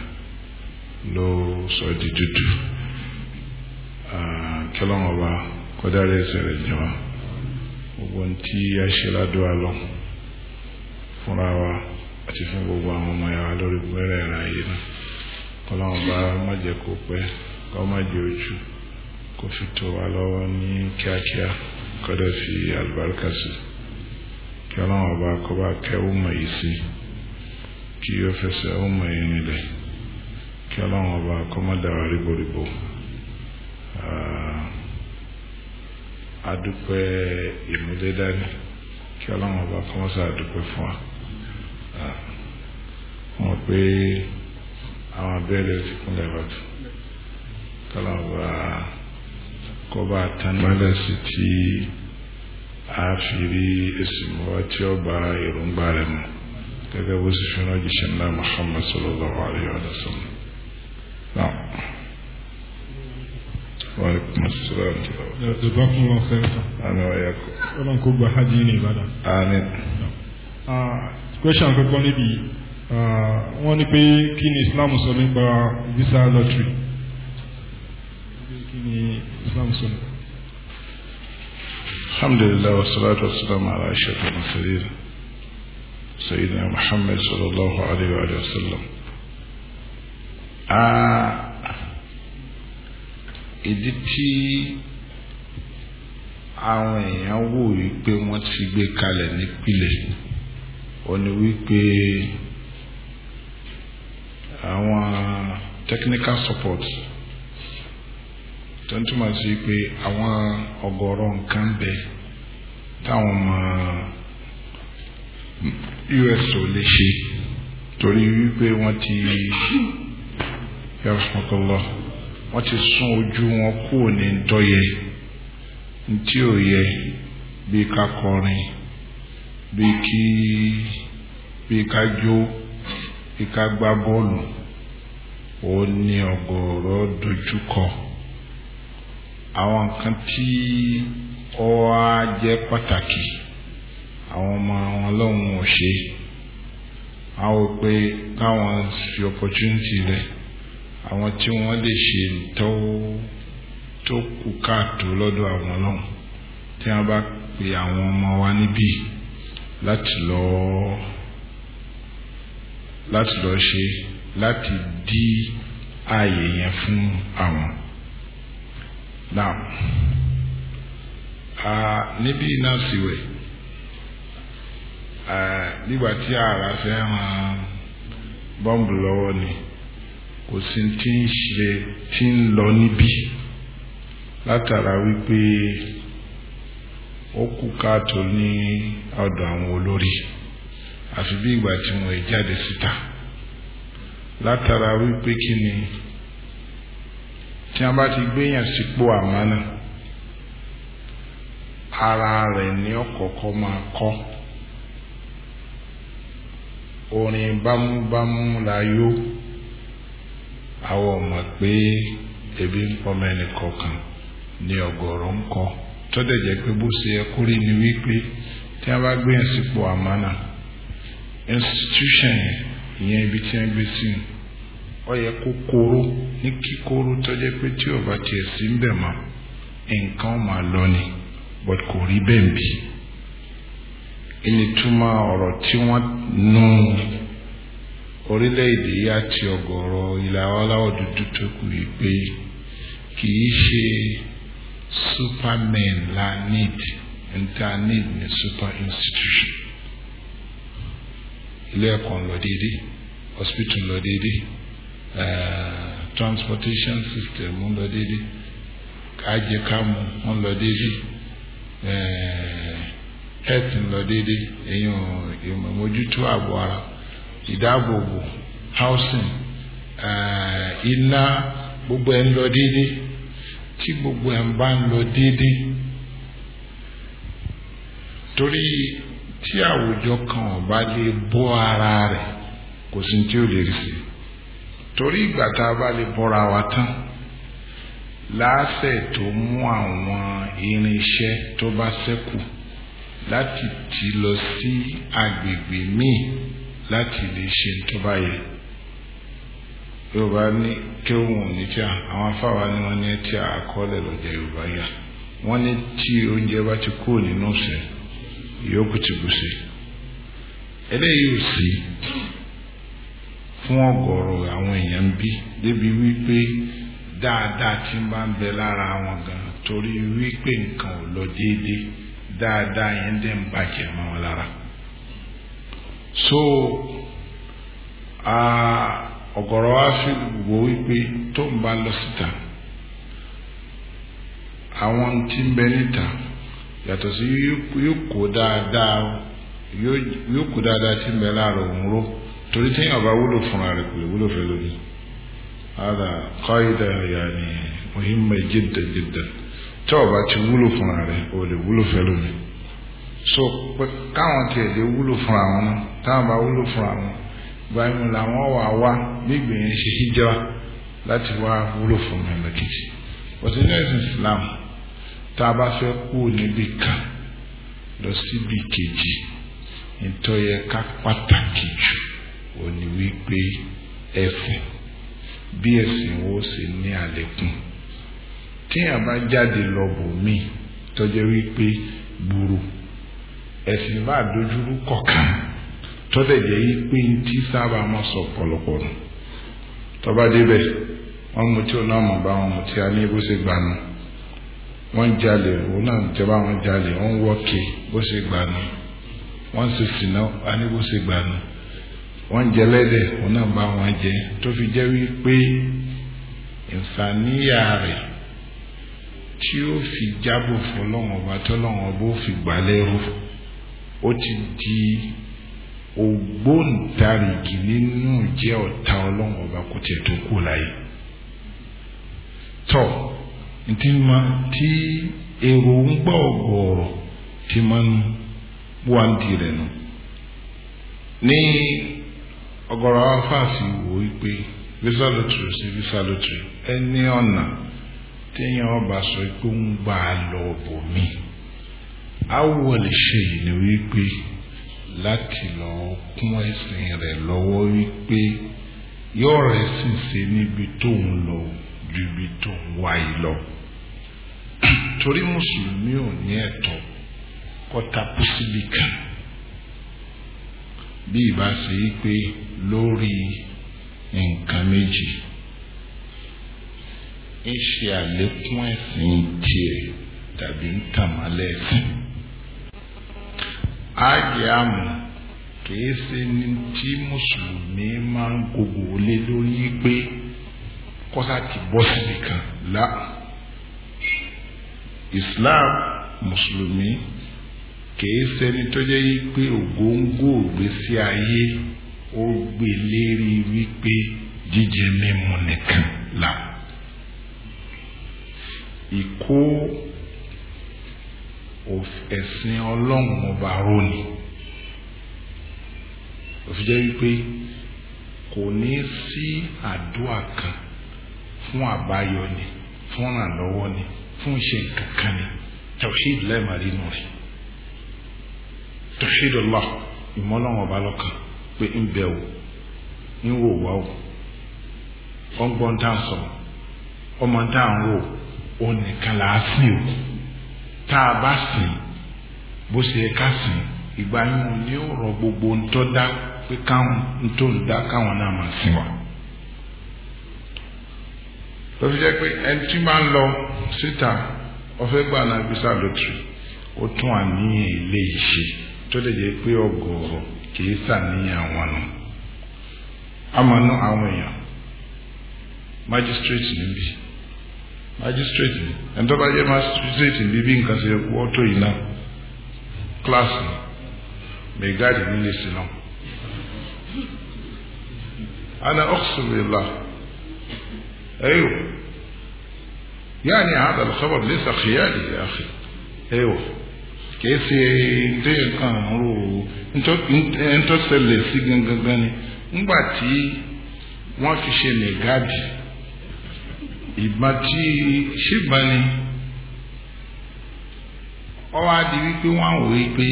ló sọ kẹlọ́wọ́n ọba kọ́dárí ẹsẹ̀ rẹ̀ jẹ́ wa gbogbo ohun tí a ṣe ládùúgbò lọ fúnra wa àti fún gbogbo àwọn ọmọ yàrá lórí gbẹ́rẹ́ ẹ̀rọ ayé náà kọ́láwọn bá má jẹ́ kó pẹ́ kọ́ má jẹ́ ojú kó fi tó wa lọ́wọ́ ní kíákíá kọ́dọ̀ fi àlùbáríkà sí kí ọlọ́wọ́n bá kẹ́ ọmọ yìí sí kí ó fẹsẹ̀ ọmọ yìí nílẹ̀ kí ọlọ́wọ́n má dàwárí boríbo. Ah, adúpẹ́ ìmúdédání kí ọlọ́run ọba kọ́mọ́sá adúpẹ́ fún wa ah, mọ̀ pé àwọn abẹ́rẹ́ ti kúnlẹ̀ bàtú kọ́lọ́run ọba kọ́ba tanimọ́lẹ̀ sí ti àáfìrí èsì mọ́wá tí ba èròǹgbà rẹ̀ mọ̀ gẹ́gẹ́ bó sì fi ránṣẹ́ ńlá Muhammad sallallahu alayhi wa Wàlúkùn sọ́rọ̀. Ẹ̀dọ̀gbọ́n fún wọn sẹ́ńtà. Àná ọ̀yà kọ. Ọlọ́run kò gba hajj ní Ìbàdàn. Àmín. Ah, question kankan níbi ah, wọ́n ní pé kí ni Islam sọ nípa visa lottery? Kí ni Islam sọ nípa? Alhamdulillah wa salatu wa salam ala ashrafil mursalin Sayyidina Muhammad sallallahu alayhi wa sallam. Ah, ìdí tí àwọn èèyàn wò wípé wọ́n ti gbé kalẹ̀ nípìlẹ̀ ó ní wípé àwọn technical support tó ń túmọ̀ sí pé àwọn ọ̀gọ̀rọ̀ nǹkan bẹ táwọn ọmọ US ò lè ṣe torí wípé wọ́n ti yàrá sọ́kọ́ lọ́wọ́. wọ́n ti sún ojú wọn kúrò ní ntọ́yẹ ntí ò yẹ bí ká kọrin bí kí bí ká jó bí ká gbá bọ́ọ̀lù ó ní ọ̀gọ̀ọ̀rọ̀ dojúkọ àwọn nǹkan tí ọ á jẹ́ pàtàkì àwọn ọmọ wọn lọ́hùn ò ṣe àwọn pé káwọn fi opportunity rẹ̀. àwọn tí wọ́n lè ṣe tó tó kù káàtó lọ́dọ̀ àwọn náà tí wọ́n bá pe àwọn ọmọ wa níbí láti lọ láti lọ ṣe láti dí ààyè yẹn fún àwọn. Now, uh, níbí náà sì wẹ̀ nígbà tí ààrà fẹ́ ràn lọ́wọ́ ni kò sí tí ń ṣe tí ń lọ níbí látara wípé ó kú káàtó ní ọ̀dọ̀ àwọn olórí àfi bí ìgbà tí wọ́n jáde síta látara wípé kí ni tí wọ́n bá ti gbéyàn sípò àmánà ara rẹ̀ ní ọ̀kọ̀ọ̀kọ̀ máa kọ́ orin bámúbámú la yó. àwọn ọmọ pé ebi ń pọ mẹ́ni kọ̀ọ̀kan ní ọgọ́rọ̀ ń kọ́ tọ́dẹ̀ jẹ́ pé bó ṣe yẹ rí ni wípé tí wọ́n bá gbé yẹn sípò institution ìyẹn ibi tí wọ́n gbé sí ọ yẹ kó kóró ní kíkóró pé but kò rí bẹ́ẹ̀ bí. ọ̀rọ̀ tí wọ́n orílẹ̀-èdè yìí àti ọ̀gọ̀rọ̀ ilẹ̀ àwọn aláwọ̀ dúdú tó kù yìí pé kì í ṣe supermen la need nta need ni super institution ilé ẹ̀kọ́ ń lọ déédé hospital ń lọ déédé eh, transportation system ń lọ déédé kájẹkámu ń lọ déédé eh, health ń lọ déédé èyàn ìmọ̀mójútó ààbò ara ìdáàbòbò housing eh, iná gbogbo ẹ̀ ń lọ déédé tí gbogbo ẹ̀ ń bá ń lọ déédé torí tí àwùjọ kan ò bá lè bọ́ ara rẹ̀ kò sí tí ó lè rí sí torí ìgbà tá a bá lè bọ́ra wa tán láàṣẹ tó mú àwọn irinṣẹ́ tó bá ṣẹ́kù láti tì lọ sí agbègbè míì láti lè ṣe tó bá yẹ yorùbá ní kéwòn ní tí àwọn afáwa ni wọ́n ní tí àkọọ́lẹ̀ lọ́jà yorùbá yà wọ́n ní tí oúnjẹ bá ti kúrò nínú ọ̀sẹ̀ yòókù ti gùsè eléyìí ò sí fún ọ̀gọ̀rọ̀ àwọn èèyàn bí débi wípé dáadáa ti máa ń bẹ lára wọn gan torí wípé nǹkan ò lọ déédéé dáadáa yẹn dẹ̀ bàjẹ́ mọ́ wọn lára. so a wa fi gbogbo wípé tó ń bá lọ síta àwọn tí ń bẹ níta yàtọ̀ sí yóò dáadáa yóò dáadáa tí ń bẹ láàrọ̀ òun torí tí yàrá wúlò fúnra rẹ̀ kò lè wúlò fẹ́ lórí. ọba ti wúlò fúnra o kò lè wúlò so káwọn tiẹ̀ lè wúlò fúnra wọn táwọn bá wúlò fún àwọn ìbáyìí làwọn wà wá gbígbé yẹn ṣe hijira láti wá wúlò fún mi lọ́kìtì bọ̀tí ní ẹ̀sìn Islam tá a bá fẹ́ kú níbi kan lọ síbi kejì nítorí ẹ̀ka pàtàkì jù ò wípé ẹ̀sìn bí ẹ̀sìn wo sì ní àlékún téèyàn bá jáde lọ bò míì tọ́jọ́ wípé gbúrú ẹ̀sìn bá dojúrú kọ̀ọ̀kan tọ́tẹ̀ jẹ́ yí pé n tí sábà máa sọ pọ̀lọpọ̀ nù tọ́ba débẹ̀ wọ́n mú tí ó náà mọ̀ bá wọn mú tí a ní bó ṣe gbanú wọ́n jalè òun náà jẹ́ bá wọn jalè wọ́n wọ́ọ̀kì bó ṣe gbanú wọ́n sì sìnà a ní bó ṣe gbanú wọ́n jẹ òun náà bá wọn jẹ tó fi jẹ́ wí pé ìsàníyà rẹ̀ tí ó fi jábò fún lọ́wọ́n ọba tó lọ́wọ́n fi gbà ó ti di. ògbóǹtarìgì nínú jẹ́ ọ̀tá ọlọ́run ọba kó tiẹ̀ tó kú láyé tọ́ ntí ma tí èrò ń gbọ́ ọ̀gọ̀ọ̀rọ̀ tí ma ń wá ń tirẹ̀ nù ní ọ̀gọ̀rọ̀ afáàsì wò ó pé visa lottery sí visa lottery ẹni ọ̀nà téèyàn ọba sọ pé ń gbà á lọ bò mí awọ lè láti lọ kún ẹ̀sìn rẹ̀ lọ́wọ́ wípé yóò rẹ̀ sì ṣe níbi tó ń lọ ju ibi tó ń wá yìí lọ. torí mùsùlùmí ò ní ẹ̀tọ́ kọ́ta pósíbì kan bí ìbá ṣe yí pé lórí nǹkan méjì ń ṣe àlékún ẹ̀sìn tiẹ̀ tàbí ń tàmálẹ̀ ẹ̀sìn ágíàmù kìí ṣe ni tí mùsùlùmí máa ń gbogbo lé lórí pé kọ́sà ti bọ́ síbi kan lá Islam mùsùlùmí kìí ṣẹni tó jẹ́ yí pé ògóńgó ògbésí ayé ó gbé lérí wípé jíjẹ mímu nìkan là ìkó. ẹ̀sìn ọlọ́run ọba rónì òfin jẹ́ wípé kò ní sí àdúrà kan fún àbáyọ ni fún ìrànlọ́wọ́ ni fún ìṣe kankan ni tawhid lẹ́ẹ̀mọ́rí nù rẹ̀ tawhid Allah ìmọ̀lọ́run ọba lọ́kàn pé ń bẹ̀ wò ń wò wá o dáhùn sọ̀rọ̀ ọmọ dáhùn o. tá a bá sìn bó ṣe yẹ ká sìn ìgbà yín ni ó rọ gbogbo ntọ́ dá pé káwọn ntó ń dá káwọn náà máa sìn wá. tó fi jẹ́ pé ẹni tí máa ń lọ síta ọ̀fẹ́ gbà náà gbèsè àlọ́tì ó tún àníyàn ilé magistrate ẹni tó bá jẹ́ magistrate bíbí nǹkan ṣe wọ́ tó yìí náà class may guide me listen now. أنا أقسم بالله أيوه يعني هذا الخبر ليس خيالي يا أخي أيوه kìí ṣe ndé nǹkan àrùn o ntọ́sẹ̀lẹ̀ sí gangan ni ngbà tí wọ́n fi ṣe nìgádìí ìbọn tí ṣìbọn ni ó wá di wípé wọ́n wò ó pé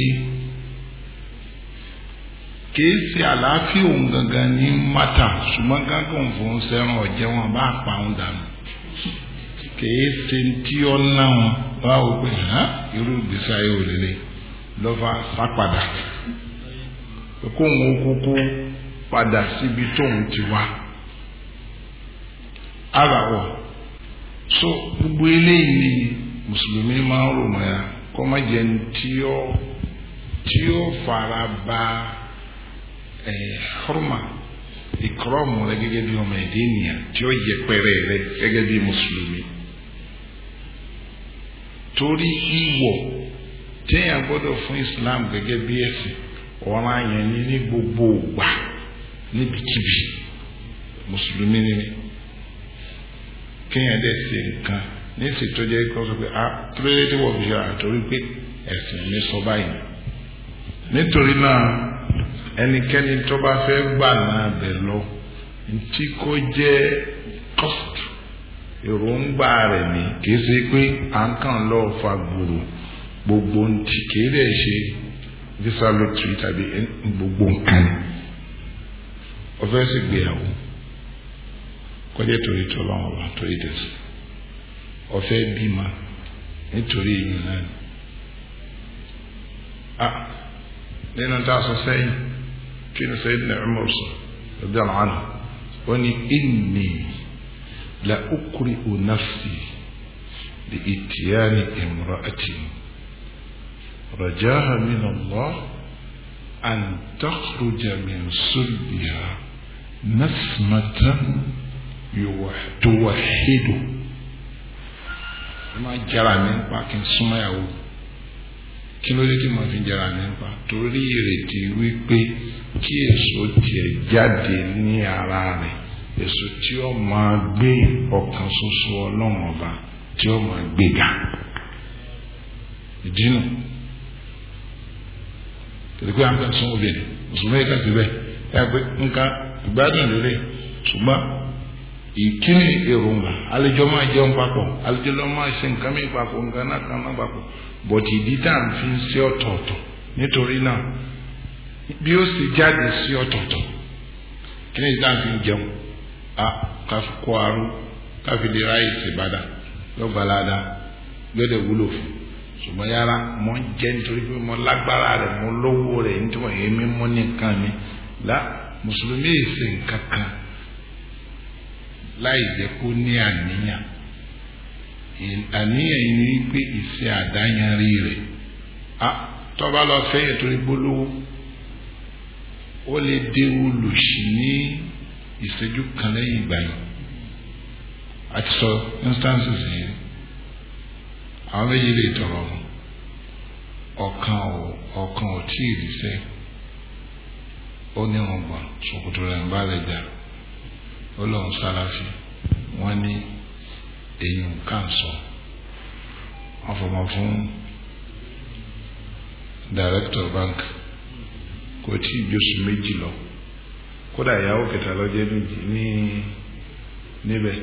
kìí ṣe àlàáfíà òun gangan ní mata ṣùgbọ́n gángan fòun sẹ́ràn ọ̀jẹ̀ wọn bá pa òun dànù kìí ṣe tí ó ná wọn bá wò pé hàn irú ìgbésí ayé ò lọ́fà sápadà kóun ó kúkú padà síbi tóun ti wá. Àràwọ̀ so gbogbo eléyìí ni mùsùlùmí máa ń rò mọ́ ya kọ́ má jẹ́ ní tí ó tí ó fara ba ẹ̀ hurma ìkọ́rọ̀mù rẹ gẹ́gẹ́ bí ọmọ ẹ̀dẹ́ ènìyàn tí ó yẹ pẹ́rẹ́ rẹ gẹ́gẹ́ bí mùsùlùmí Islam gẹ́gẹ́ bí ẹ̀sìn ọ̀ràn yẹn ní ní gbogbo ògbà níbikíbi mùsùlùmí kéèyàn dẹ̀ ṣe nǹkan níṣì tó jẹ́ kó sọ pé ah kílódé tí wọ́n fi ṣe àtòrí pé ẹ̀sìn mi sọ báyìí nítorí náà ẹnikẹ́ni tó bá fẹ́ gbà náà bẹ̀ lọ ntí kò jẹ́ cost èròǹgbà rẹ̀ ni kìí ṣe pé à ń kàn lọ fa gbòòrò gbogbo ntí kìí dẹ̀ ṣe visa lottery tàbí gbogbo nǹkan ọ̀fẹ́ sì gbéyàwó. kọjá torí tọ́lọ́ ọba torí tẹ̀sí ọ̀fẹ́ bímọ nítorí èyí náà ni. a nínú tá a sọ sẹ́yìn kí ni Sayyidina Umar sọ radiyallahu anhu wọ́n ní inni la ukri'u nafsi li itiyani imra'atin rajaha min Allah an takhruja min sulbiha nasmatan. tuwahidu ẹ máa jara mi ń pa kí n súnmọ́ ìyàwó kí ló dé tí mo fi jara mi ń pa torí ìrètí wípé kí èso tiẹ̀ jáde ní ara rẹ̀ èso tí ó máa gbé ọ̀kan ṣoṣo ọlọ́run ọba tí ó máa gbé ga ìdínú tẹ̀lé pé à ń fẹ́ sún obìnrin mùsùlùmí kan ti bẹ́ẹ̀ ẹ pé nǹkan ìgbádùn lórí ṣùgbọ́n ìkíni èròǹgbà àlejò máa jẹun papọ̀ àlejò máa ṣe nǹkan mi papọ̀ nǹkan náà kan náà papọ̀ bọ̀tì ìdí tá à ń fi ṣe ọ̀tọ̀ọ̀tọ̀ nítorí náà bí ó sì jáde sí ọ̀tọ̀ọ̀tọ̀ kí ni tá à ń fi jẹun a ká fi kó aró ká fi lè ráyè sí ìbàdà lọ́gbàládà gbẹ́dẹ̀ wúlò fún ṣùgbọ́n yàrá mo ń jẹ́ nítorí pé mo lágbára rẹ̀ mo lówó rẹ̀ nítorí èmi mo ní nǹkan mi lá mùsùlùmí ìsìn kankan láì jẹ́ kó ní àníyàn àníyàn yìí ni wípé ìṣe àdáyanrí rẹ̀ tọ́ba lọ fẹ́ ètò ìgbólówó ó lè dé olùsí ní ìṣẹ́jú kan lẹ́yìn ìgbà yìí àti sọ instances yìí àwọn méjì lè tọrọ ọ̀kan ò ọ̀kan ò tí ì ríṣẹ́ ó ní ọgbọ̀n ṣòkòtò rẹ̀ ń bá rẹ̀ jà olóhùn sálàfì wọ́n ní èyàn kàǹsọ̀ wọ́n fọmọ fún director bank kò tí ì jósù méjì lọ kódà ìyàwó kẹta lọ́jọ́ méjì ní níbẹ̀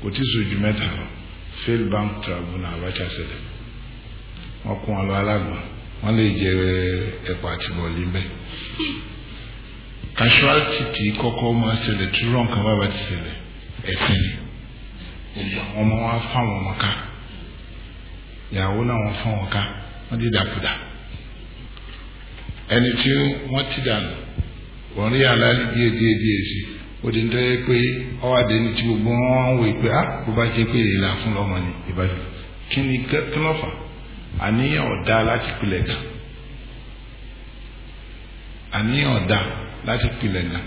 kò tí sojú mẹ́ta lọ fail bank tribunal abacha ṣẹlẹ̀ wọ́n kún wọn lọ alágbọ̀n wọ́n lè jẹ ẹ̀pà àti bọ̀ọ̀lì bẹ́ẹ̀ casualty ti kọ́kọ́ máa ṣẹlẹ̀ tí rọ̀ nǹkan bá bá ti ṣẹlẹ̀ ẹ̀sìn ni gbogbo àwọn wa fa ọmọ ká ìyàwó náà wọn fáwọn ká wọn ti dàkúdà ẹni tí wọ́n ti dànù wọ́n rí àlàyé díẹ̀ díẹ̀ díẹ̀ sí ó di nítorí pé ọwádìí ni tí gbogbo wọn ń wò pé á ah, bó bá jẹ́ pé ìlà fún lọ́mọ ni ìbájú kí ni kí àníyàn ọ̀dá láti pilẹ̀ kan àníyàn ọ̀dá láti pilẹ̀ náà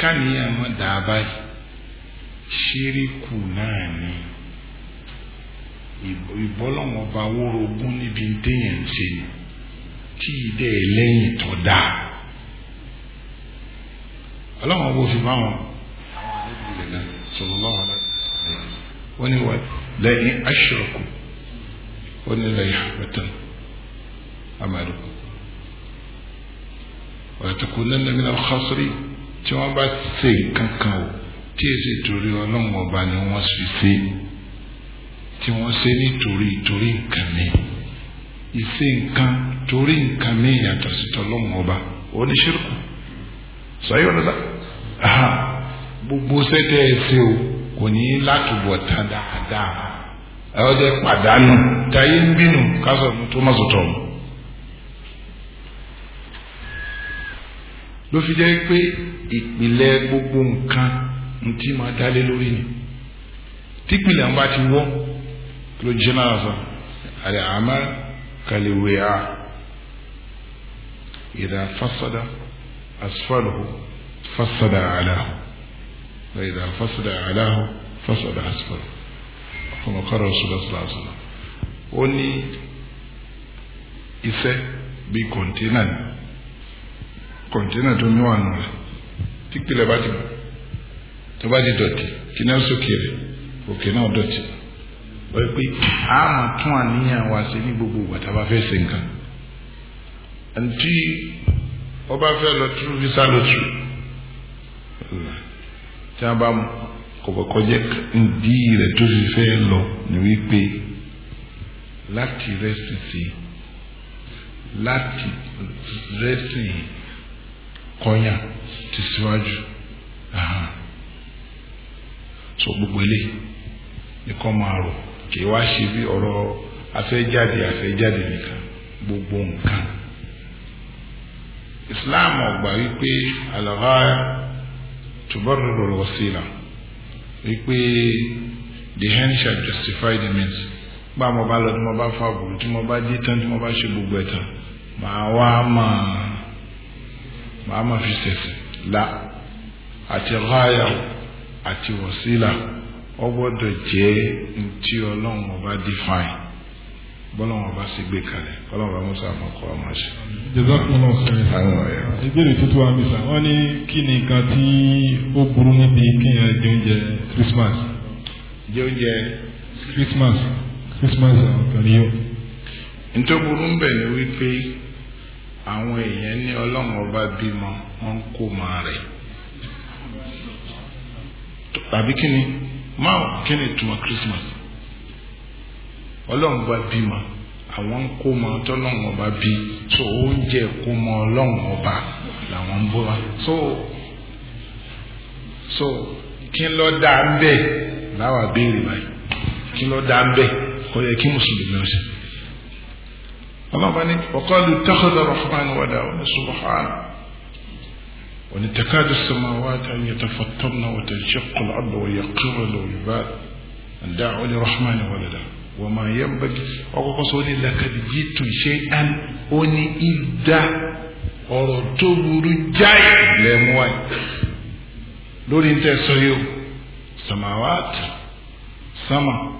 káníyàn mọ́ dàá báyìí ṣíríkù náà ni ìbọ́lọ́wọ́n bá wórogún níbi téèyàn ń ṣe ni tí ìdẹ́ ẹlẹ́yìn tó dáa ọlọ́wọ́n wo fi bá wọn sọ̀rọ̀ lọ́wọ́ náà ní wà lẹ́yìn aṣọ́kù wọ́n ní lẹ́yìn àpẹtàn amadu wala takunanna min al-khasirin tí wọ́n bá ṣe kankan o tí èsì torí ọlọ́run ọba ni wọ́n fi ṣe tí wọ́n ṣe nítorí torí nǹkan mi ìṣe nǹkan torí nǹkan mi yàtọ̀ sí tọ́lọ́run ọba oníṣirku sọyí ọ̀nà sá gbogbo sẹ́tẹ̀ ẹ̀ṣẹ̀ o kò ní látúbọ̀ tá dáadáa ẹ̀ ọ́ jẹ́ pàdánù táyé ń bínú ká tó má sọ̀tọ̀ ọ̀hún. ló fi jẹ́ pé ìpìlẹ̀ gbogbo nǹkan ntí máa dálé lórí ni típìlẹ̀ ń bá ti wọ́ ló jẹ́ náà sọ àlẹ́ àmà kàlẹ́wé a ìdá fásádà asfalahu fásádà aláhu ìdá fásádà aláhu fásádà asfalahu fún ọkọ̀rọ̀ ṣùgbọ́n ó ní iṣẹ́ bíi kọ̀ńténà ni kọ̀ǹtẹ́nà tó ní wà nù rẹ̀ tí pìlẹ̀ bá ti bọ̀ tó bá ti dọ̀tí kí náà sókè rẹ̀ òkè náà dọ̀tí wọ́n pé a máa tún àníyàn wa ṣe ní gbogbo ìgbà tá a bá fẹ́ ṣe nǹkan àti ọba fẹ́ visa lọ tù tí a bá mú kọ̀kọ̀kọ̀jẹ́ ndí rẹ̀ tó fi fẹ́ lọ ni wípé láti rẹ́sì sí láti rẹ́sì yìí kọ́yà ti síwájú so gbogbo eléyìí ni kọ́ máa rò kì í wá ṣe bí ọ̀rọ̀ afẹ́jáde afẹ́jáde nìkan gbogbo nǹkan Islam ọgbà wípé al-ghaya tubarriru wípé the end shall justify the means gbà mo bá lọ tí mo bá fa àbùrù tí mo bá jí tán tí mo bá ṣe gbogbo ẹ̀ tán màá wá máa màá ma fi ṣẹ̀sìn la àti ráyà àti wọ̀sílà ọ gbọ́dọ̀ jẹ́ ntí ọlọ́run ọba define bọ́lọ́run ọba sì gbé kalẹ̀ bọ́lọ́run ọba musa àmọ́kọ́ ọmọ ṣe. jẹ́sàkúnlọ́ sẹ́yìn ìbéèrè tuntun wa mi sà wọ́n ní kí ni nǹkan tí ó burú níbi kíyàn jẹ oúnjẹ Christmas. jẹ oúnjẹ. Christmas Christmas àwọn kan ní yóò. ntọ́ burú ni wípé àwọn èèyàn ní ọlọ́run ọba bímọ wọn kò máa rẹ̀ tàbí kí ni máa kí ni ìtumọ̀ Christmas ọlọ́run ọba bímọ àwọn ń kó mọ tọ́lọ́run ọba bí so oúnjẹ kó mọ ọlọ́run ọba làwọn ń bọ́ so so kí ló dá ń bẹ́ẹ̀ láwa béèrè báyìí kí ló dá ń bẹ́ẹ̀ kò yẹ kí mùsùlùmí ọ̀sẹ̀. وقالوا اتخذ الرحمن ولا سبحان ولتكاد السماوات ان يتفطرن وتنشق الارض ويقر العباد ان دعوا للرحمن ولدا وما ينبغي وقصد لقد جئت شيئا اني ابدا ورتبر جاي لموي دور انت سيو سماوات سما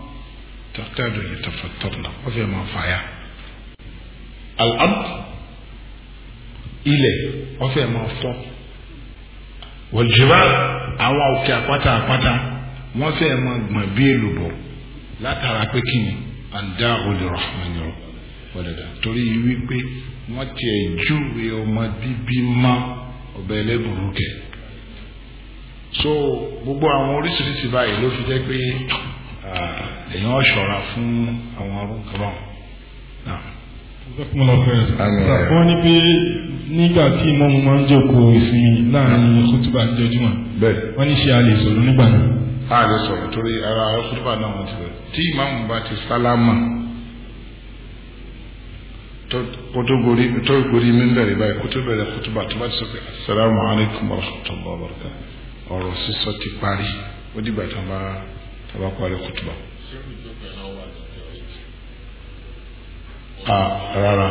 تكاد يتفطرن وفي ما فيها al-ard ilẹ̀ ọ̀fẹ́ máa fọ́ wọ̀lùjìbá àwọn òkè àpáta àpáta wọ́n fẹ́ máa gbọ̀n bí èlùbọ̀ látara pé kí ni àǹdá olùrọ̀hánì rọ̀ wọ́dàdà torí wípé wọ́n tiẹ̀ júwe ọmọ bíbí má ọbẹ̀ ẹlẹ́bùrú kẹ̀. so gbogbo àwọn oríṣiríṣi báyìí ló fi jẹ́ pé èèyàn ṣọ́ra fún àwọn arúgbó náà wọ́n ní pé nígbà tí ìmọ̀mù máa ń jókòó ìsinmi láàrin kútùbà jọjúmọ̀ wọ́n ní ṣe a lè sọ̀rọ̀ nígbà náà. a lè sọ̀rọ̀ torí ara kútùbà náà wọ́n ti bẹ̀rẹ̀ tí ìmọ̀mù bá ti sálámà kótó gorí tó gorí mímbẹ̀rẹ̀ báyìí kótó bẹ̀rẹ̀ kútùbà tó bá ti sọ pé asalaamu alaykum wa rahmatullahi wa barakatuh ọ̀rọ̀ sísọ ti parí ó dìgbà tó bá parí kútùbà. à rárá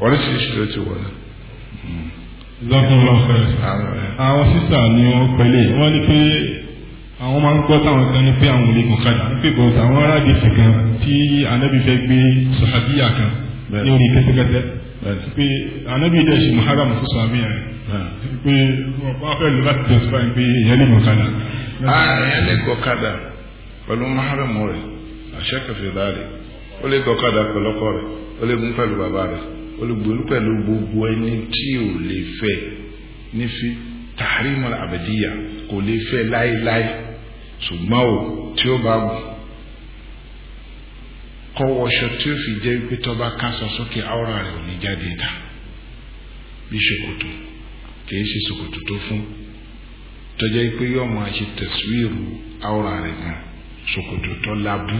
oríṣiríṣi ló ti wọ̀ náà. ìlọ́kùnrin lọ́fẹ̀ẹ́ àwọn sísà ni wọ́n pẹ̀lẹ́ wọ́n ní pé àwọn máa ń gbọ́ táwọn kan ní pé àwọn olè kò kadà ní pé bọ́ọ̀sì àwọn aráàlú ìfẹ́ kan tí anábì fẹ́ gbé sọ̀hàbíyà kan ní orí kẹ́tẹ́kẹ́tẹ́ pé anábì dẹ̀ ṣe muharram fún sọ̀hàbí yẹn pé wọ́n fẹ́ lò láti tẹ̀síwájú pé ìyẹn lè kò kadà. a ah, ìyẹn lè kò kadà pẹ̀lú muharram rẹ̀ àṣẹkẹfẹ láàrẹ ó lè gbọ́kadà pẹ̀lọ́kọ rẹ̀ ó lè gún pẹ̀lú bàbá rẹ̀ ó lè gbòòlù pẹ̀lú gbogbo ẹni tí ò lè fẹ́ nífi tàrímọ̀ àbẹ̀díyà kò lè fẹ́ láéláé ṣùgbọ́n o tí ó bá gùn kọ́wọ́ṣọ tí ó fi jẹ́ pé tọ́ba kásọ sókè áwòrán rẹ̀ ò ní jáde dà bí ṣòkòtò kì í ṣe ṣòkòtò tó fún tọ́jà pé yọ̀ọ́ máa ṣe tẹ̀síwìrù gan ṣòkòtò tó labú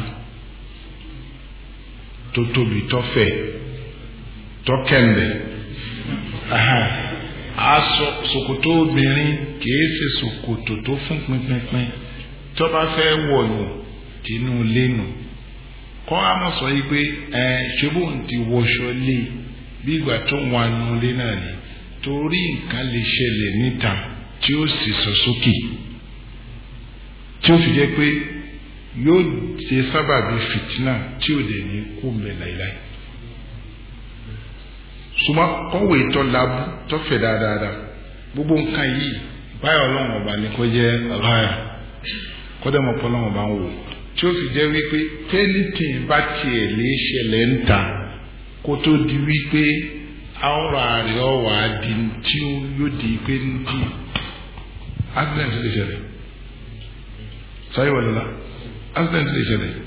tó tóbi tọ́fẹ̀ tọ́kẹ̀lẹ̀ aṣọ ṣòkòtò obìnrin kìí ṣe ṣòkòtò tó fún pinpinpin tó bá fẹ́ wọ̀nyù tínú lẹ́nu kọ́ àmọ́ sọ yìí pé ẹ̀ ṣebó ń ti wọṣọ lé bí ìgbà tó wà nù lé náà ni torí nǹkan lè ṣẹlẹ̀ níta tí ó sì sọ sókè tí ó fi jẹ́ pé yóò ṣe sábàbí fìtínà tí ò dẹ̀ ní kó mbẹ̀ láìláì suma kọ́wé labu tó fẹ̀ dáadáa gbogbo nǹkan yìí báyọ̀ ọlọ́run ọba ni kò jẹ́ kọ́dọ̀ mọ̀ pọ́ ọlọ́run ọba ń wò tí ó fi jẹ́ wípé tẹ́nìtìn bá tiẹ̀ lè di wípé tí yóò di pé accident lè ṣẹlẹ̀